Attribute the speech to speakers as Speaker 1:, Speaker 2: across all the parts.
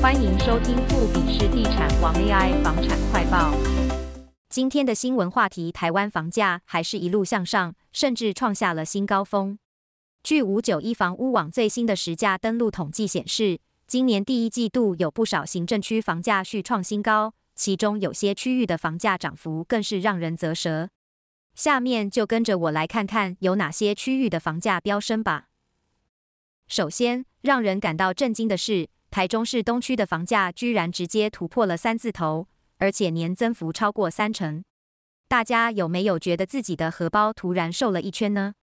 Speaker 1: 歡迎收聽富比士地產王 AI 房產快報。今天的新聞話題，台灣房價還是一路向上，甚至創下了新高峰。據五九一房屋網最新的實價登錄統計顯示，今年第一季度有不少行政區房價續創新高，其中有些區域的房價漲幅更是讓人嘖舌。下面就跟着我來看看有哪些區域的房價飆升吧。首先，讓人感到震驚的是。台中市東區的房價居然直接突破了三字頭，而且年增幅超過三成。大家有沒有覺得自己的荷包突然瘦了一圈呢？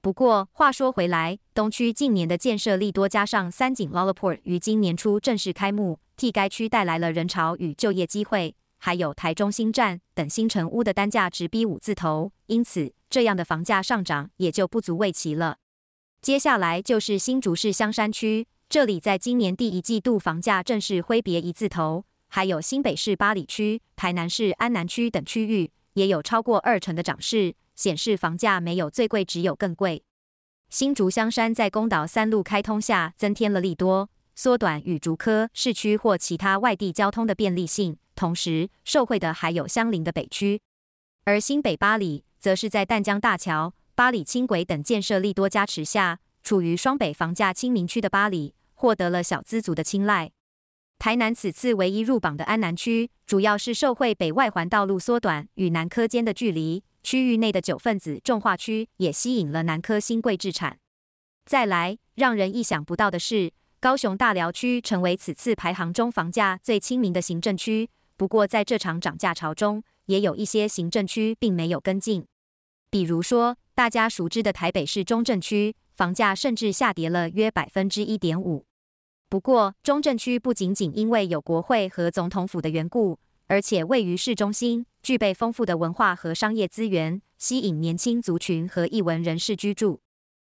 Speaker 1: 不過話說回來，東區近年的建設利多，加上三井 LaLaport 於今年初正式開幕，替該區帶來了人潮與就業機會。還有台中新站等新成屋的單價直逼五字頭，因此這樣的房價上漲也就不足為奇了。接下來就是新竹市香山區。這裡在今年第一季度房價正式揮別一字頭，還有新北市八里區、台南市安南區等區域也有超過二成的漲勢，顯示房價沒有最貴，只有更貴。新竹香山在公道三路開通下，增添了利多，縮短與竹科、市區或其他外地交通的便利性。同時受惠的還有相鄰的北區，而新北八里則是在淡江大橋、八里輕軌等建設利多加持下，處於雙北房價親民區的八里，獲得了小資族的青睞。台南此次唯一入榜的安南區，主要是受惠北外環道路縮短與南科間的距離。區域內的九份子重劃區也吸引了南科新貴置產。再來，讓人意想不到的是，高雄大寮區成為此次排行中房價最親民的行政區。不過，在這場漲價潮中，也有一些行政區並沒有跟進，比如說大家熟知的台北市中正區，房價甚至下跌了約百分之一點五。不過，中正區不僅僅因為有國會和總統府的緣故，而且位於市中心，具備豐富的文化和商業資源，吸引年輕族群和藝文人士居住。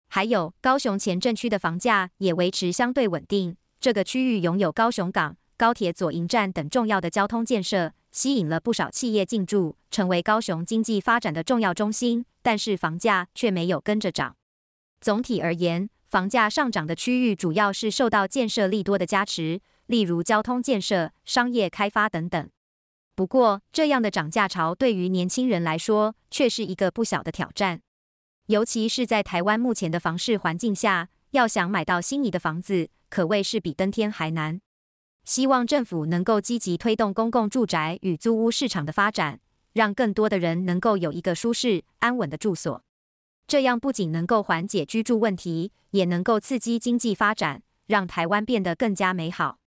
Speaker 1: 還有高雄前鎮區的房價也維持相對穩定。這個區域擁有高雄港、高鐵左營站等重要的交通建設，吸引了不少企業進駐，成為高雄經濟發展的重要中心。但是房價卻沒有跟着漲。總體而言，房價上漲的區域主要是受到建設利多的加持，例如交通建設、商業開發等等。不過，這樣的漲價潮對於年輕人來說卻是一個不小的挑戰，尤其是在台灣目前的房市環境下，要想買到心儀的房子可謂是比登天還難。希望政府能夠積極推動公共住宅與租屋市場的發展，讓更多的人能夠有一個舒適安穩的住所。這樣不僅能夠緩解居住問題，也能夠刺激經濟發展，讓台灣變得更加美好。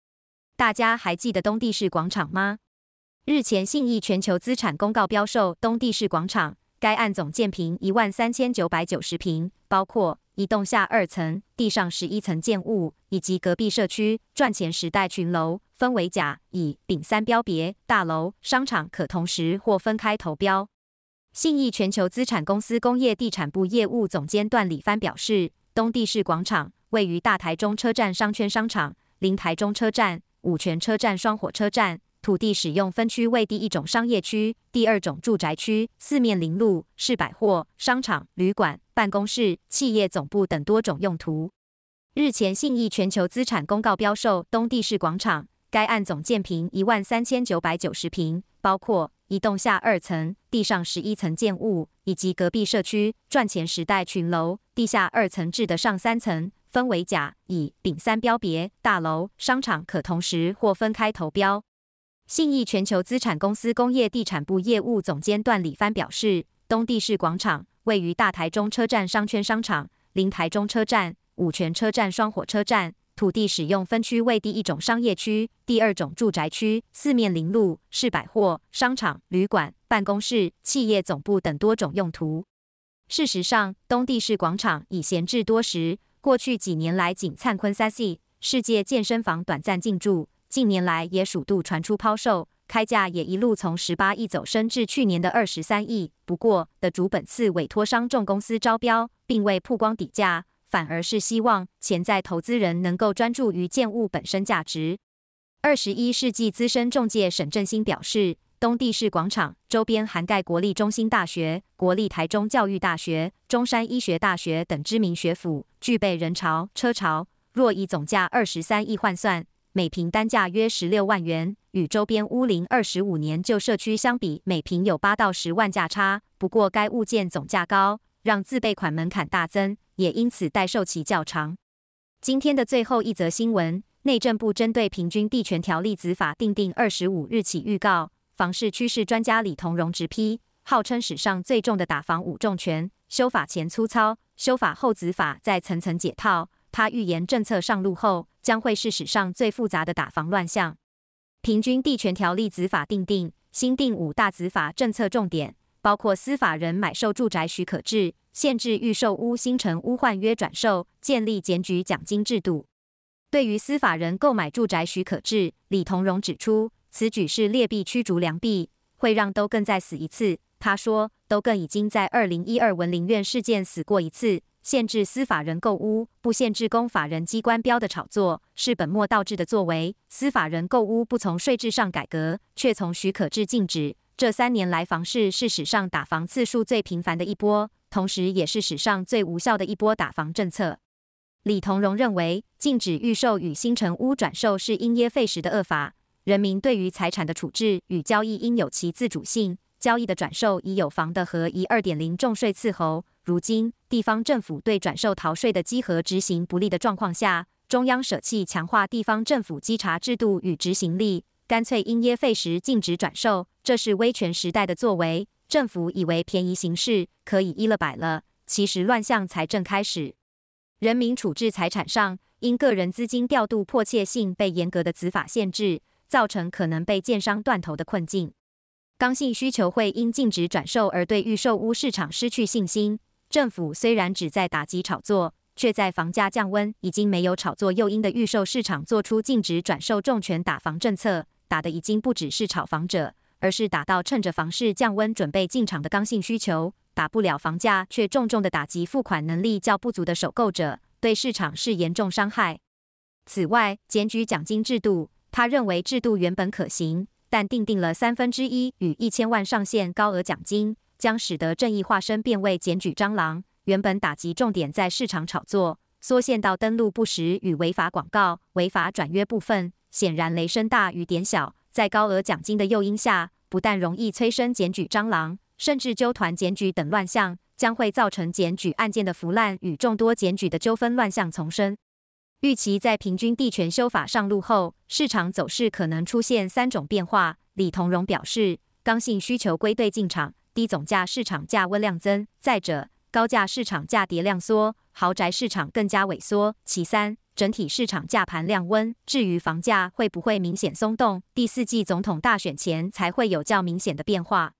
Speaker 1: 大家還記得東帝士廣場嗎？日前信義全球資產公告標售東帝士廣場，該案總建坪一萬三千九百九十坪，包括一棟下二層、地上十一層建物，以及隔壁社區賺錢時代裙樓，分為甲、乙、丙三標別大樓、商場，可同時或分開投標。信義全球資產公司工業地產部業務總監段禮帆表示，東帝士廣場位於大台中車站商圈商場，臨台中車站、五權車站雙火車站，土地使用分區為第一種商業區、第二種住宅區，四面臨路，適百貨商場、旅館、辦公室、企業總部等多種用途。日前，信義全球資產公告標售東帝士廣場，該案總建坪一萬三千九百九十坪，包括。一棟地下二層、地上十一層建物，以及隔壁社區賺錢時代裙樓地下二層至地上三層，分為甲、乙、丙三標別大樓、商場可同時或分開投標。信義全球資產公司工業地產部業務總監段禮帆表示，東帝士廣場位於大台中車站商圈商場，臨台中車站、五權車站雙火車站，土地使用分區為第一種商業區，第二種住宅區，四面臨路，是百貨、商場、旅館、辦公室、企業總部等多種用途。事實上，東帝士廣場已閒置多時，過去幾年來僅燦坤三 C 世界健身房短暫進駐，近年來也數度傳出拋售，開價也一路從十八億走升至去年的二十三億。不過，的主本次委托商仲公司招標，並未曝光底價。反而是希望潛在投資人能夠專注於建物本身價值。二十一世紀資深仲介沈振興表示，東帝士廣場周邊涵蓋國立中興大學、國立台中教育大學、中山醫學大學等知名學府，具備人潮、車潮。若以總價二十三億換算，每坪單價約十六萬元，與周邊屋齡二十五年舊社區相比，每坪有八到十萬價差。不過，該物件總價高。讓自備款門檻大增，也因此待售期較長。今天的最後一則新聞，內政部針對平均地權條例子法定定二十五日起預告。房市趨勢專家李同榮直批，號稱史上最重的打房五重拳，修法前粗糙，修法後子法再層層解套。他預言政策上路後，將會是史上最複雜的打房亂象。平均地權條例子法定定新定五大子法政策重點。包括私法人買受住宅許可制，限制預售屋、新成屋換約轉售，建立檢舉獎金制度。對於私法人購買住宅許可制，李同榮指出，此舉是劣幣驅逐良幣，會讓都更再死一次。他說，都更已經在二零一二文林苑事件死過一次。限制私法人購屋，不限制公法人機關標的炒作，是本末倒置的作為。私法人購屋不從稅制上改革，卻從許可制禁止。這三年來，房市是史上打房次數最頻繁的一波，同時也是史上最無效的一波打房政策。李同榮認為，禁止預售與新城屋轉售是因噎廢食的惡法。人民對於財產的處置與交易應有其自主性，交易的轉售已有房的和以二點零重稅伺候。如今地方政府對轉售逃稅的稽核執行不利的狀況下，中央舍棄強化地方政府稽查制度與執行力。乾脆因噎廢食，禁止轉售，這是威權時代的作為。政府以為便宜行事，可以一了百了，其實亂象才正開始。人民處置財產上，因個人資金調度迫切性被嚴格的執法限制，造成可能被建商斷頭的困境。剛性需求會因禁止轉售而對預售屋市場失去信心。政府雖然只在打擊炒作，卻在房價降溫、已經沒有炒作誘因的預售市場做出禁止轉售重拳打房政策。打的已經不只是炒房者，而是打到趁着房市降溫準備進場的剛性需求。打不了房價，卻重重的打擊付款能力較不足的首購者，對市場是嚴重傷害。此外，檢舉獎金制度，他認為制度原本可行，但訂定了三分之一與一千萬上限高額獎金，將使得正義化身變為檢舉蟑螂。原本打擊重點在市場炒作，縮限到登錄不實與違法廣告、違法轉約部分。顯然，雷聲大雨點小，在高額獎金的誘因下，不但容易催生檢舉蟑螂，甚至揪團檢舉等亂象，將會造成檢舉案件的浮濫與眾多檢舉的糾紛亂象叢生。預期在平均地權修法上路後，市場走勢可能出現三種變化。李同榮表示，剛性需求歸隊進場，低總價市場價穩量增；再者，高價市場價跌量縮，豪宅市場更加萎縮。其三。整體市場價盤量溫，至於房價會不會明顯鬆動，第四季總統大選前才會有較明顯的變化。